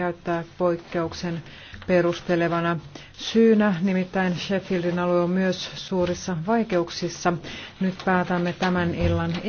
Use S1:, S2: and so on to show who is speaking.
S1: käyttää poikkeuksen perustelevana syynä. Nimittäin Sheffieldin alue on myös suurissa vaikeuksissa. Nyt päätämme tämän illan